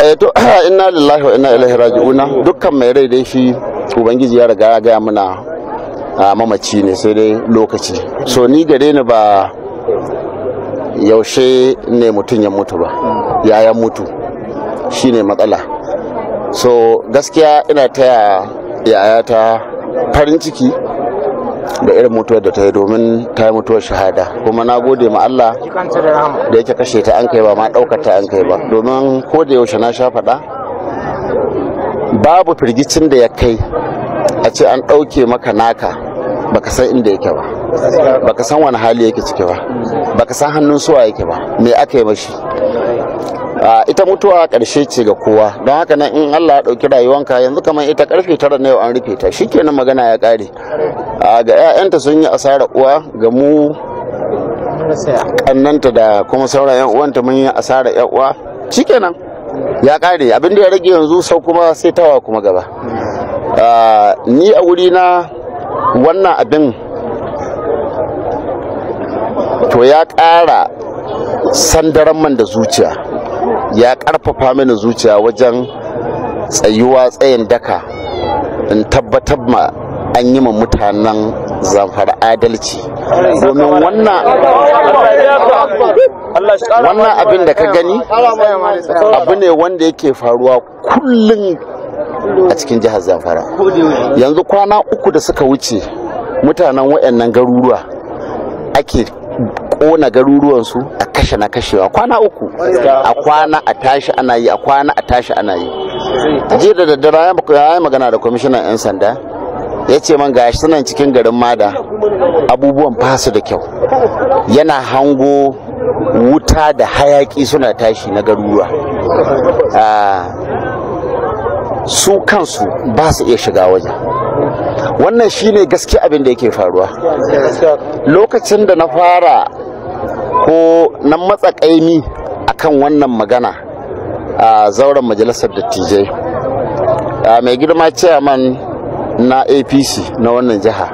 Eh, to inna lillahi wa inna ilaihi raji'una dukkan mai rai dai shi ubangiji ya riga ya gaya mana a mamaci ne sai dai lokaci so ni gare ni ba yaushe ne mutum ya mutu ba yaya mutu shi ne matsala so gaskiya ina taya yayata farin ciki da irin mutuwar da ta yi domin ta yi mutuwar shahada kuma na gode ma Allah da yake kashe ta an kai ba ma ɗaukar ta an kai ba domin ko da yaushe na sha faɗa babu firgicin da ya kai a ce an ɗauke maka naka baka san inda yake ba baka san wani hali yake ciki ba baka san hannun suwa yake ba me aka yi mashi ita mutuwa ƙarshe ce ga kowa don haka nan in Allah ya ɗauki rayuwanka yanzu kamar ita ƙarfe tara na yau an rufe ta shikenan magana ya ƙare ga 'ya'yanta sun yi asarar uwa ga mu kannanta da kuma sauran 'yan uwanta mun yi asarar 'yan uwa shikenan ya ƙare abin da ya rage yanzu sau kuma sai tawa kuma gaba ni a wuri na wannan abin to ya ƙara sandaran man da zuciya ya karfafa mini zuciya wajen tsayuwa tsayin daka in tabbatar ma an yi ma mutanen zamfara adalci domin wannan wannan abin da ka gani abu ne wanda yake faruwa kullum a cikin jihar zamfara yanzu kwana uku da suka wuce mutanen waɗannan garuruwa ake kona garuruwansu a kashe na kashewa kwana uku a kwana a tashi ana yi a kwana a tashi ana yi jiya da daddare ya yi magana da kwamishinan 'yan sanda ya ce man gashi sunan cikin garin mada abubuwan fasu da kyau yana hango wuta da hayaki suna tashi na garuruwa ah, su kansu ba su iya shiga wajen wannan shine gaske abin da yake faruwa lokacin da na fara ko na matsakaimi kan wannan magana a zauren majalisar dattijai mai girma chairman na apc na wannan jiha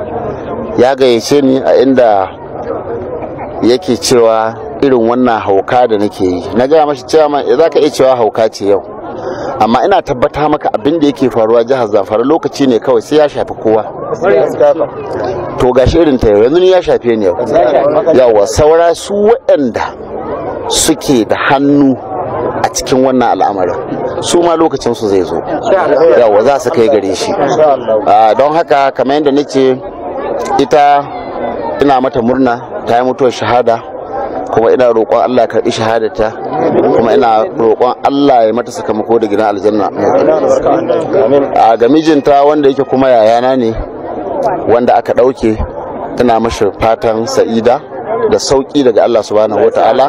ya gayyace ni a inda yake cewa irin wannan hauka da nake yi na gaya mashi chairman eh, za ka iya cewa hauka ce yau amma ina tabbata maka abin da yake faruwa jihar zamfara lokaci ne kawai sai ya shafi kowa to gashi irin ta yau yanzu ya shafe ni yau yawa saura su waɗanda suke da hannu a cikin wannan al'amarin su ma lokacin su zai zo yawa za su kai gare shi ah, don haka kamar yadda nake ita ina mata murna ta yi mutuwar shahada kuma ina roƙon Allah ya karɓi shahadata kuma ina roƙon Allah ya mata sakamako da gidan aljanna a ah, ga mijinta wanda yake kuma yayana ne wanda aka ɗauke tana mashi fatan sa'ida da sauƙi daga Allah subhanahu wa ta'ala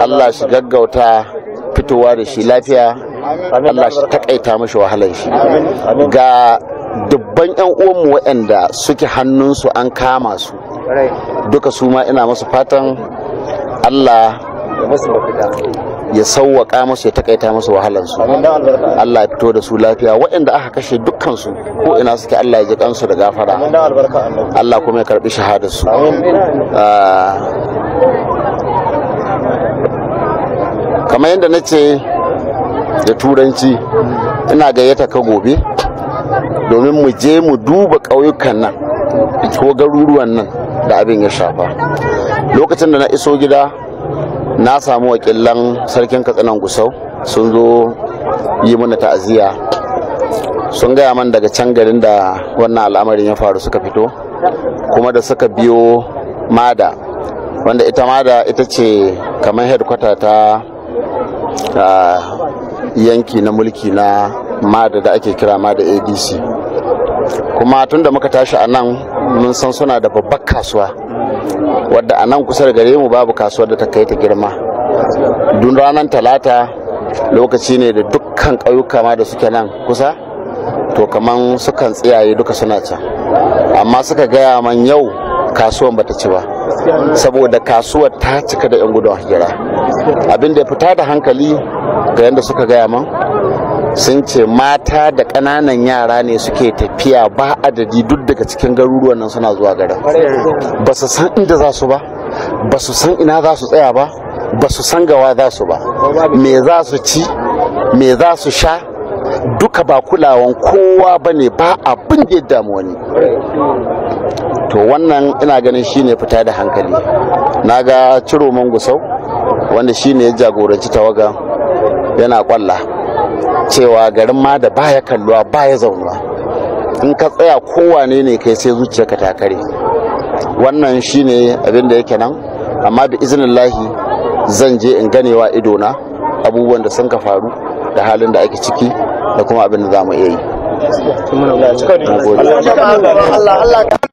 Allah shi gaggauta fitowa da shi lafiya Allah shi takaita mashi wahalar shi ga dubban 'yan uwanmu waɗanda suke hannunsu an kama su duka su ma ina masu fatan Allah ya sauwaka masu ya takaita masu wahalansu Allah ya fito da su lafiya waɗanda aka kashe dukkansu ko ina suke Allah ya ji kansu da gafara Allah kuma ya karɓi shahadarsu ah. kamar yadda na ce da turanci ina gayyata ka gobe domin mu je mu duba ƙauyukan nan ko garuruwan nan da abin ya shafa lokacin da na iso gida na samu wakilan sarkin katsinan gusau sun zo yi mana ta'aziyya sun gaya man daga can garin da wannan al'amarin ya faru suka fito kuma da suka biyo mada wanda ita mada ita ce kamar headquarter ta yanki na mulki na mada da ake kira mada adc kuma tun da muka tashi a nan mun san suna da babbar kasuwa wadda a nan kusa da gare mu babu kasuwar da ta kai ta girma duk ranar talata lokaci ne da dukkan ƙauyuka ma da suke nan kusa to kaman sukan tsiyaye duka suna can amma suka gaya man yau kasuwan bata ci ba saboda kasuwar ta cika da 'yan gudun hijira abin da ya fita da hankali ga yadda suka gaya man sun ce mata da ƙananan yara ne suke tafiya ba adadi duk daga cikin garuruwan nan suna zuwa garin ba su san inda za su ba ba su san ina za su tsaya ba ba su san gawa za su ba me za su ci me za su sha duka ba kulawan kowa ba ne ba abin da ya damu wani to wannan ina ganin shine fita da hankali na ga ciro mangusau wanda shine ya jagoranci tawaga yana kwalla cewa garin ma da baya kalluwa baya zaunuwa in ka tsaya kowane ne kai sai zuciyarka ta kare wannan shine abin da yake nan amma bi izinin lahi zan je in ganewa idona abubuwan da sun ka faru da halin da ake ciki da kuma abin da za mu iya yi